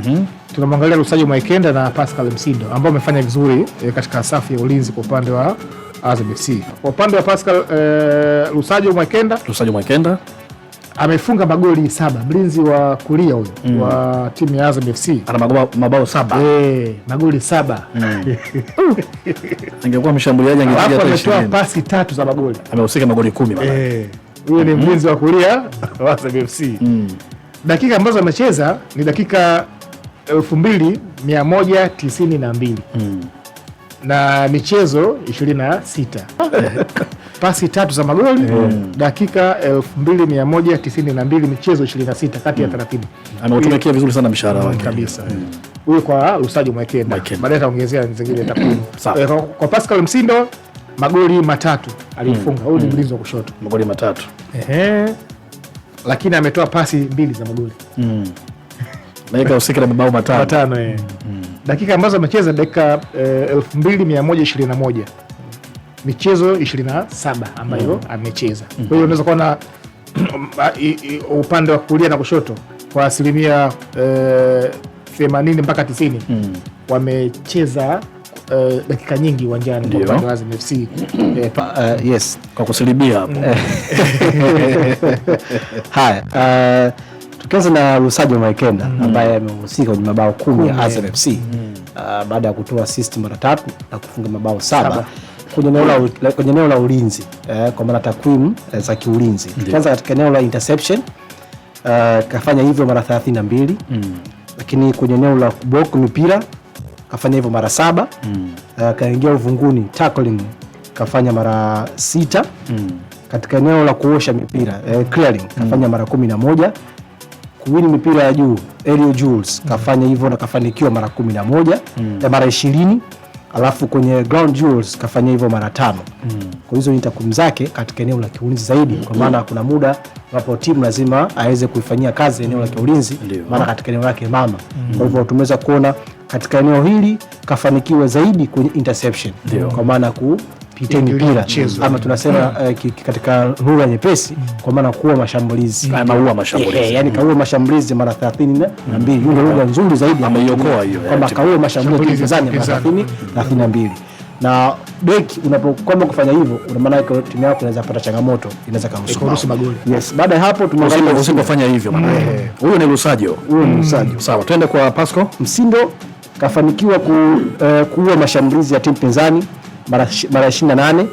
Mm -hmm. Tunamwangalia Lusajo Mwaikenda na Pascal Msindo ambao wamefanya vizuri e, katika safu ya ulinzi kwa upande wa Azam FC. Kwa upande wa Pascal e, eh, Lusajo Mwaikenda, Lusajo Mwaikenda amefunga magoli saba, mlinzi wa kulia huyo mm. wa timu ya Azam FC ana mabao saba e, magoli saba mm. angekuwa mshambuliaji angepiga ametoa pasi tatu za magoli, amehusika magoli kumi huyo e, mm -hmm. ni mm-hmm. mlinzi wa kulia wa Azam FC mm. dakika ambazo amecheza ni dakika elfu mbili mia moja tisini na mbili hmm. na michezo ishirini na sita pasi tatu za magoli hmm. dakika elfu mbili mia moja tisini na mbili michezo ishirini na sita kati ya hmm. thelathini. Anautumikia vizuri sana mshahara wake kabisa hmm. huyu kwa Lusajo Mwekenda, baadaye ataongezea zingine takwimu. Eh, kwa Pascal Msindo magoli matatu alifunga, hmm. huyu ni mlinzi wa kushoto, magoli matatu, lakini ametoa pasi mbili za magoli mm dakika husika na mabao matano matano mm. dakika ambazo amecheza dakika eh, 2121 michezo 27 ambayo mm. amecheza mm. kwa hiyo unaweza kuona eh, upande wa kulia na kushoto kwa asilimia eh, 80 mpaka 90 mm. wamecheza Uh, dakika nyingi uwanjani kwa upande wa Azam FC eh, uh, yes, kwa kusilibia hapo haya uh, Tukianza na Lusajo Maekenda mm. ambaye amehusika kwenye mabao kumi ya Azam FC mm. uh, baada ya kutoa assist mara tatu na kufunga mabao saba kwenye eneo la ulinzi eh, kwa maana takwimu eh, za kiulinzi. mm. Tukianza katika eneo la interception uh, kafanya hivyo mara 32 mm. lakini kwenye eneo la block mipira kafanya hivyo mara saba mm. uh, kaingia uvunguni tackling kafanya mara sita mm. katika eneo la kuosha mipira eh, clearing mm. kafanya mm. mara kumi na moja kuwini mipira ya juu Elio Jules mm. kafanya hivyo na kafanikiwa mara kumi na moja mm. mara ishirini alafu kwenye ground jewels kafanya hivyo mara tano mm. Kwa hizo ni takwimu zake katika eneo la kiulinzi zaidi, kwa maana mm. kuna muda ambapo timu lazima aweze kuifanyia kazi eneo la kiulinzi, maana katika eneo lake mama mm. Kwa hivyo tumeweza kuona katika eneo hili kafanikiwa zaidi kwenye interception, kwa maana ku kupitia mipira ama tunasema uh, katika lugha nyepesi mm. kwa maana kuwa mashambulizi mm. maua mashambulizi yeah, eh, yani mm. kaua mashambulizi mara 32 mm. ile lugha nzuri zaidi ameiokoa hiyo kwamba kaua mashambulizi mpinzani mara 30 32 na beki unapokwama kufanya hivyo, una maana yake timu yako inaweza kupata changamoto, inaweza kuruhusu magoli. Yes, baada ya hapo tumeangalia usipofanya hivyo, maana mm. yake huyo ni rusajo huyo ni rusajo Sawa, twende kwa Pasco Msindo, kafanikiwa ku, uh, kuua mashambulizi ya timu pinzani mara 28,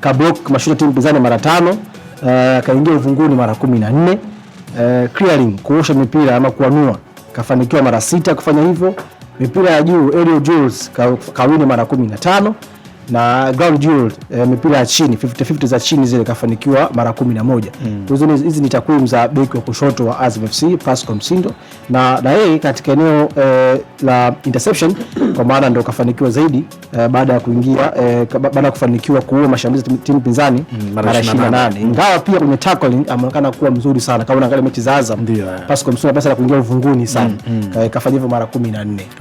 kablock mashuti timu pinzani mara tano, eh, akaingia uh, uvunguni mara 14, uh, eh, clearing kuosha mipira ama kuanua kafanikiwa mara sita kufanya hivyo. Mipira ya juu aerial duels kawini mara 15 na ground duel e, mipira ya chini 50-50 za chini zile kafanikiwa mara 11. Hizo mm. hizi ni takwimu za beki wa kushoto wa Azam FC Pascal Msindo, na na yeye katika eneo e, la interception kwa maana ndio kafanikiwa zaidi eh, baada ya kuingia eh, baada ya kufanikiwa kuua mashambulizi timu pinzani mm, mara 28 ingawa pia kwenye tackling ameonekana kuwa mzuri sana. Kama unaangalia mechi za Azam, eh. Pascal Msuya pesa la kuingia uvunguni sana mm, mm. Eh, kafanya hivyo mara 14.